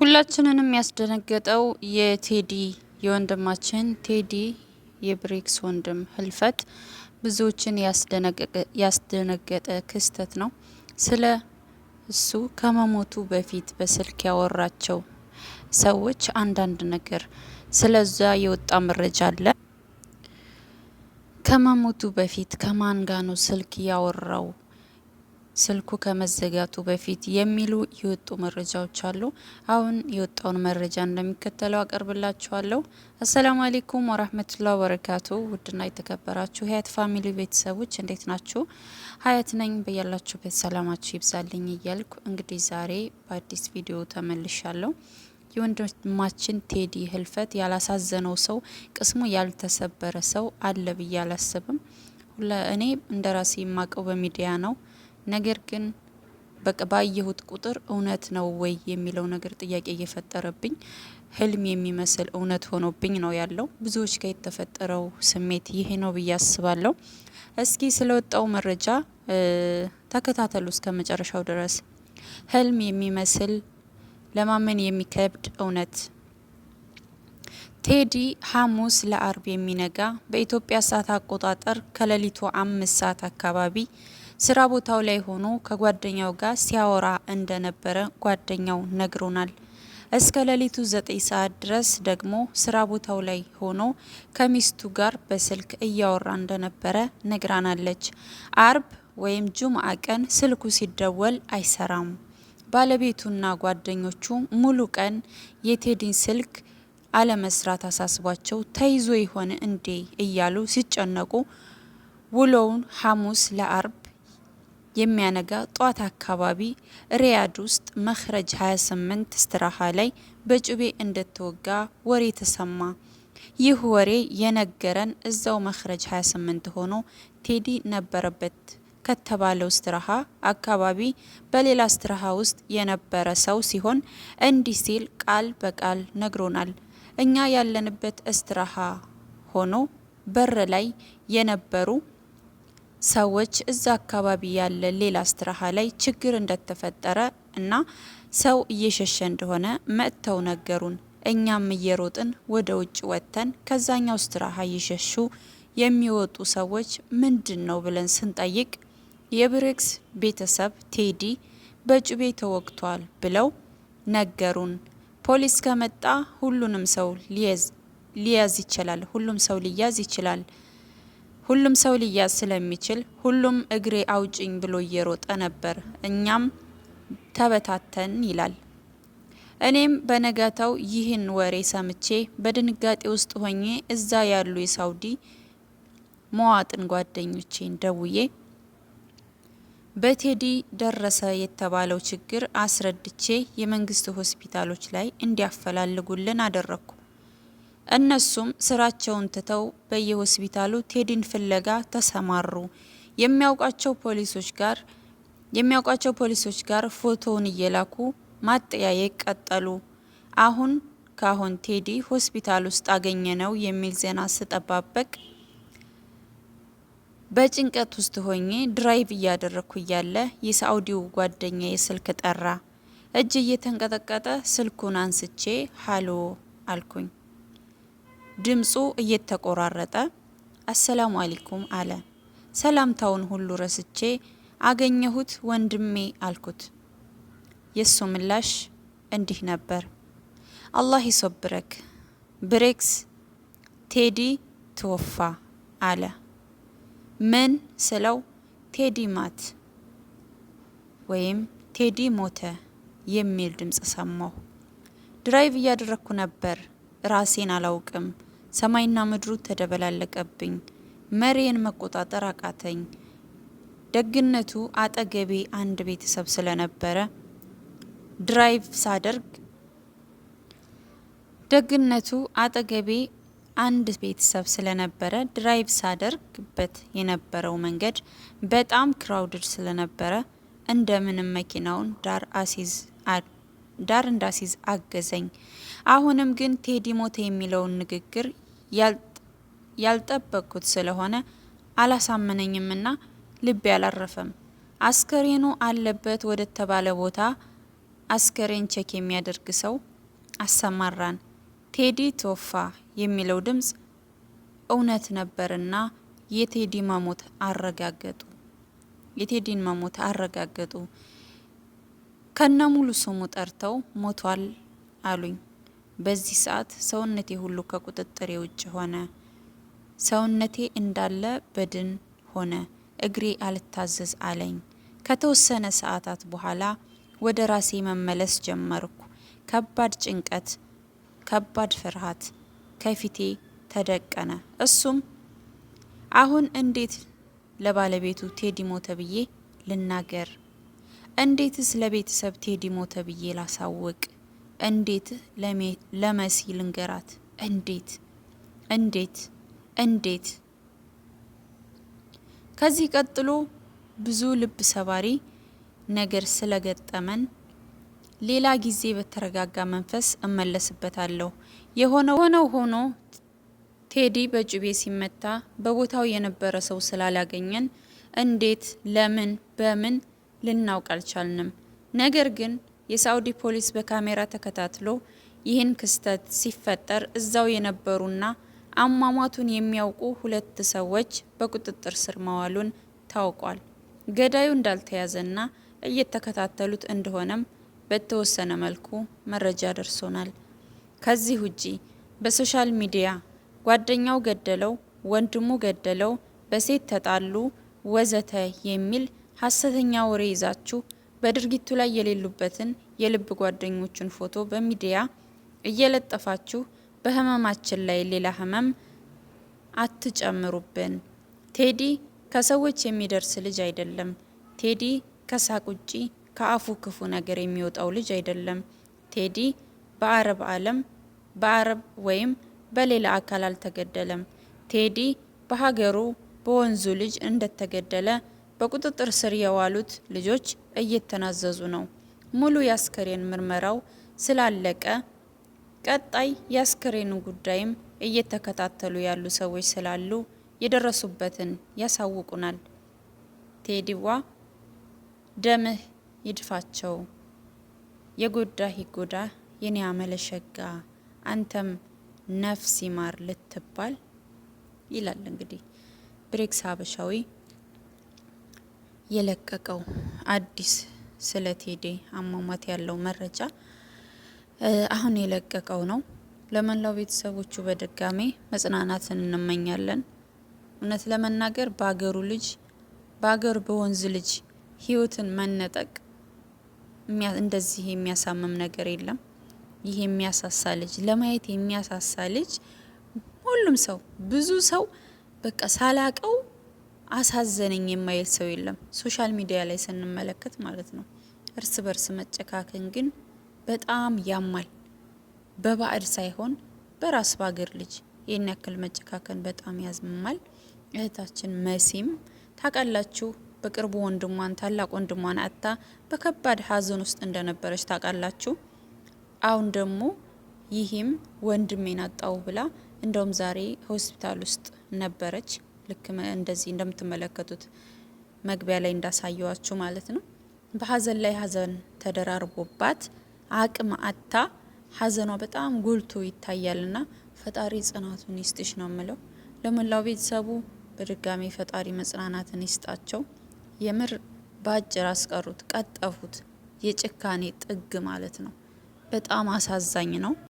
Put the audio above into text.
ሁላችንንም ያስደነገጠው የቴዲ የወንድማችን ቴዲ የብሬክስ ወንድም ህልፈት ብዙዎችን ያስደነገጠ ክስተት ነው። ስለ እሱ ከመሞቱ በፊት በስልክ ያወራቸው ሰዎች አንዳንድ ነገር ስለዛ የወጣ መረጃ አለ። ከመሞቱ በፊት ከማን ጋ ነው ስልክ ያወራው ስልኩ ከመዘጋቱ በፊት የሚሉ የወጡ መረጃዎች አሉ። አሁን የወጣውን መረጃ እንደሚከተለው አቀርብላችኋለሁ። አሰላሙ አሌይኩም ወራህመቱላ ወበረካቱ። ውድና የተከበራችሁ ሀያት ፋሚሊ ቤተሰቦች እንዴት ናችሁ? ሀያት ነኝ። በያላችሁበት ሰላማችሁ ይብዛልኝ እያልኩ እንግዲህ ዛሬ በአዲስ ቪዲዮ ተመልሻለሁ። የወንድማችን ቴዲ ህልፈት ያላሳዘነው ሰው ቅስሙ ያልተሰበረ ሰው አለ ብዬ አላስብም። እኔ እንደ ራሴ የማቀው በሚዲያ ነው። ነገር ግን በቃ ባየሁት ቁጥር እውነት ነው ወይ የሚለው ነገር ጥያቄ እየፈጠረብኝ ህልም የሚመስል እውነት ሆኖብኝ ነው ያለው። ብዙዎች ጋር የተፈጠረው ስሜት ይሄ ነው ብዬ አስባለሁ። እስኪ ስለወጣው መረጃ ተከታተሉ እስከ መጨረሻው ድረስ። ህልም የሚመስል ለማመን የሚከብድ እውነት ቴዲ ሐሙስ ለአርብ የሚነጋ በኢትዮጵያ ሰዓት አቆጣጠር ከሌሊቱ አምስት ሰዓት አካባቢ ስራ ቦታው ላይ ሆኖ ከጓደኛው ጋር ሲያወራ እንደነበረ ጓደኛው ነግሮናል። እስከ ሌሊቱ ዘጠኝ ሰዓት ድረስ ደግሞ ስራ ቦታው ላይ ሆኖ ከሚስቱ ጋር በስልክ እያወራ እንደነበረ ነግራናለች። አርብ ወይም ጁምአ ቀን ስልኩ ሲደወል አይሰራም። ባለቤቱና ጓደኞቹ ሙሉ ቀን የቴዲን ስልክ አለመስራት አሳስቧቸው ተይዞ ይሆን እንዴ እያሉ ሲጨነቁ ውሎውን ሐሙስ ለአርብ የሚያነጋ ጧት አካባቢ ሪያድ ውስጥ መክረጅ 28 ስትራሃ ላይ በጩቤ እንደተወጋ ወሬ ተሰማ። ይህ ወሬ የነገረን እዛው መክረጅ 28 ሆኖ ቴዲ ነበረበት ከተባለው ስትራሃ አካባቢ በሌላ ስትራሃ ውስጥ የነበረ ሰው ሲሆን እንዲህ ሲል ቃል በቃል ነግሮናል። እኛ ያለንበት እስትራሃ ሆኖ በር ላይ የነበሩ ሰዎች እዛ አካባቢ ያለ ሌላ ስትራሃ ላይ ችግር እንደተፈጠረ እና ሰው እየሸሸ እንደሆነ መጥተው ነገሩን። እኛም እየሮጥን ወደ ውጭ ወጥተን ከዛኛው ስትራሃ እየሸሹ የሚወጡ ሰዎች ምንድን ነው ብለን ስንጠይቅ የብሬክስ ቤተሰብ ቴዲ በጩቤ ተወግቷል ብለው ነገሩን። ፖሊስ ከመጣ ሁሉንም ሰው ሊያዝ ይችላል፣ ሁሉም ሰው ሊያዝ ይችላል ሁሉም ሰው ሊያዝ ስለሚችል ሁሉም እግሬ አውጭኝ ብሎ እየሮጠ ነበር። እኛም ተበታተን ይላል። እኔም በነጋታው ይህን ወሬ ሰምቼ በድንጋጤ ውስጥ ሆኜ እዛ ያሉ የሳውዲ መዋጥን ጓደኞቼን ደውዬ በቴዲ ደረሰ የተባለው ችግር አስረድቼ የመንግስት ሆስፒታሎች ላይ እንዲያፈላልጉልን አደረግኩ። እነሱም ስራቸውን ትተው በየሆስፒታሉ ቴዲን ፍለጋ ተሰማሩ። የሚያውቋቸው ፖሊሶች ጋር የሚያውቋቸው ፖሊሶች ጋር ፎቶውን እየላኩ ማጠያየቅ ቀጠሉ። አሁን ካሁን ቴዲ ሆስፒታል ውስጥ አገኘ ነው የሚል ዜና ስጠባበቅ በጭንቀት ውስጥ ሆኜ ድራይቭ እያደረግኩ እያለ የሳውዲው ጓደኛ የስልክ ጠራ። እጅ እየተንቀጠቀጠ ስልኩን አንስቼ ሀሎ አልኩኝ። ድምፁ እየተቆራረጠ አሰላሙ አለይኩም አለ። ሰላምታውን ሁሉ ረስቼ አገኘሁት ወንድሜ አልኩት። የሱ ምላሽ እንዲህ ነበር፣ አላህ ይሶብረክ ብሬክስ ቴዲ ትወፋ አለ። ምን ስለው ቴዲ ማት ወይም ቴዲ ሞተ የሚል ድምፅ ሰማሁ። ድራይቭ እያደረግኩ ነበር፣ ራሴን አላውቅም። ሰማይና ምድሩ ተደበላለቀብኝ። መሬን መቆጣጠር አቃተኝ። ደግነቱ አጠገቤ አንድ ቤተሰብ ስለነበረ ድራይቭ ሳደርግ ደግነቱ አጠገቤ አንድ ቤተሰብ ስለነበረ ድራይቭ ሳደርግበት የነበረው መንገድ በጣም ክራውድድ ስለነበረ እንደምንም መኪናውን ዳር አሲዝ ዳር እንዳሲዝ አገዘኝ። አሁንም ግን ቴዲ ሞተ የሚለውን ንግግር ያልጠበቅኩት ስለሆነ አላሳመነኝምና ልቤ አላረፈም። አስከሬኑ አለበት ወደ ተባለ ቦታ አስከሬን ቼክ የሚያደርግ ሰው አሰማራን። ቴዲ ቶፋ የሚለው ድምፅ እውነት ነበርና የቴዲ መሞት አረጋገጡ የቴዲን መሞት አረጋገጡ። ከነ ሙሉ ስሙ ጠርተው ሞቷል አሉኝ። በዚህ ሰዓት ሰውነቴ ሁሉ ከቁጥጥሬ ውጭ ሆነ። ሰውነቴ እንዳለ በድን ሆነ። እግሬ አልታዘዝ አለኝ። ከተወሰነ ሰዓታት በኋላ ወደ ራሴ መመለስ ጀመርኩ። ከባድ ጭንቀት፣ ከባድ ፍርሃት ከፊቴ ተደቀነ። እሱም አሁን እንዴት ለባለቤቱ ቴዲ ሞተ ብዬ ልናገር? እንዴትስ ለቤተሰብ ቴዲ ሞተ ብዬ ላሳውቅ? እንዴት ለመሲ ልንገራት? እንዴት እንዴት እንዴት? ከዚህ ቀጥሎ ብዙ ልብ ሰባሪ ነገር ስለገጠመን ሌላ ጊዜ በተረጋጋ መንፈስ እመለስበታለሁ። የሆነው ሆኖ ቴዲ በጩቤ ሲመታ በቦታው የነበረ ሰው ስላላገኘን እንዴት፣ ለምን፣ በምን ልናውቅ አልቻልንም። ነገር ግን የሳውዲ ፖሊስ በካሜራ ተከታትሎ ይህን ክስተት ሲፈጠር እዛው የነበሩና አሟሟቱን የሚያውቁ ሁለት ሰዎች በቁጥጥር ስር መዋሉን ታውቋል። ገዳዩ እንዳልተያዘና እየተከታተሉት እንደሆነም በተወሰነ መልኩ መረጃ ደርሶናል። ከዚህ ውጪ በሶሻል ሚዲያ ጓደኛው ገደለው፣ ወንድሙ ገደለው፣ በሴት ተጣሉ፣ ወዘተ የሚል ሀሰተኛ ወሬ ይዛችሁ በድርጊቱ ላይ የሌሉበትን የልብ ጓደኞቹን ፎቶ በሚዲያ እየለጠፋችሁ በህመማችን ላይ ሌላ ህመም አትጨምሩብን። ቴዲ ከሰዎች የሚደርስ ልጅ አይደለም። ቴዲ ከሳቅ ውጪ ከአፉ ክፉ ነገር የሚወጣው ልጅ አይደለም። ቴዲ በአረብ ዓለም በአረብ ወይም በሌላ አካል አልተገደለም። ቴዲ በሀገሩ በወንዙ ልጅ እንደተገደለ በቁጥጥር ስር የዋሉት ልጆች እየተናዘዙ ነው። ሙሉ የአስከሬን ምርመራው ስላለቀ ቀጣይ የአስከሬኑ ጉዳይም እየተከታተሉ ያሉ ሰዎች ስላሉ የደረሱበትን ያሳውቁናል። ቴዲዋ ደምህ ይድፋቸው፣ የጎዳህ ይጎዳ፣ የኔ አመለሸጋ አንተም ነፍስ ይማር ልትባል ይላል እንግዲህ ብሬክስ ሀበሻዊ የለቀቀው አዲስ ስለ ቴዲ አሟሟት ያለው መረጃ አሁን የለቀቀው ነው። ለመላው ቤተሰቦቹ በድጋሜ መጽናናትን እንመኛለን። እውነት ለመናገር በአገሩ ልጅ በአገሩ በወንዝ ልጅ ህይወትን መነጠቅ እንደዚህ የሚያሳምም ነገር የለም። ይህ የሚያሳሳ ልጅ ለማየት የሚያሳሳ ልጅ ሁሉም ሰው ብዙ ሰው በቃ ሳላቀው አሳዘነኝ የማይል ሰው የለም፣ ሶሻል ሚዲያ ላይ ስንመለከት ማለት ነው። እርስ በርስ መጨካከን ግን በጣም ያማል። በባዕድ ሳይሆን በራስ በአገር ልጅ ይህን ያክል መጨካከን በጣም ያዝምማል። እህታችን መሲም ታውቃላችሁ፣ በቅርቡ ወንድሟን ታላቅ ወንድሟን አታ በከባድ ሀዘን ውስጥ እንደነበረች ታውቃላችሁ። አሁን ደግሞ ይህም ወንድሜን አጣው ብላ እንደውም ዛሬ ሆስፒታል ውስጥ ነበረች። ልክ እንደዚህ እንደምትመለከቱት መግቢያ ላይ እንዳሳየዋችሁ ማለት ነው። በሀዘን ላይ ሀዘን ተደራርቦባት አቅም አታ ሀዘኗ በጣም ጎልቶ ይታያልና ፈጣሪ ጽናቱን ይስጥሽ ነው ምለው። ለመላው ቤተሰቡ በድጋሚ ፈጣሪ መጽናናትን ይስጣቸው። የምር በአጭር አስቀሩት፣ ቀጠፉት። የጭካኔ ጥግ ማለት ነው። በጣም አሳዛኝ ነው።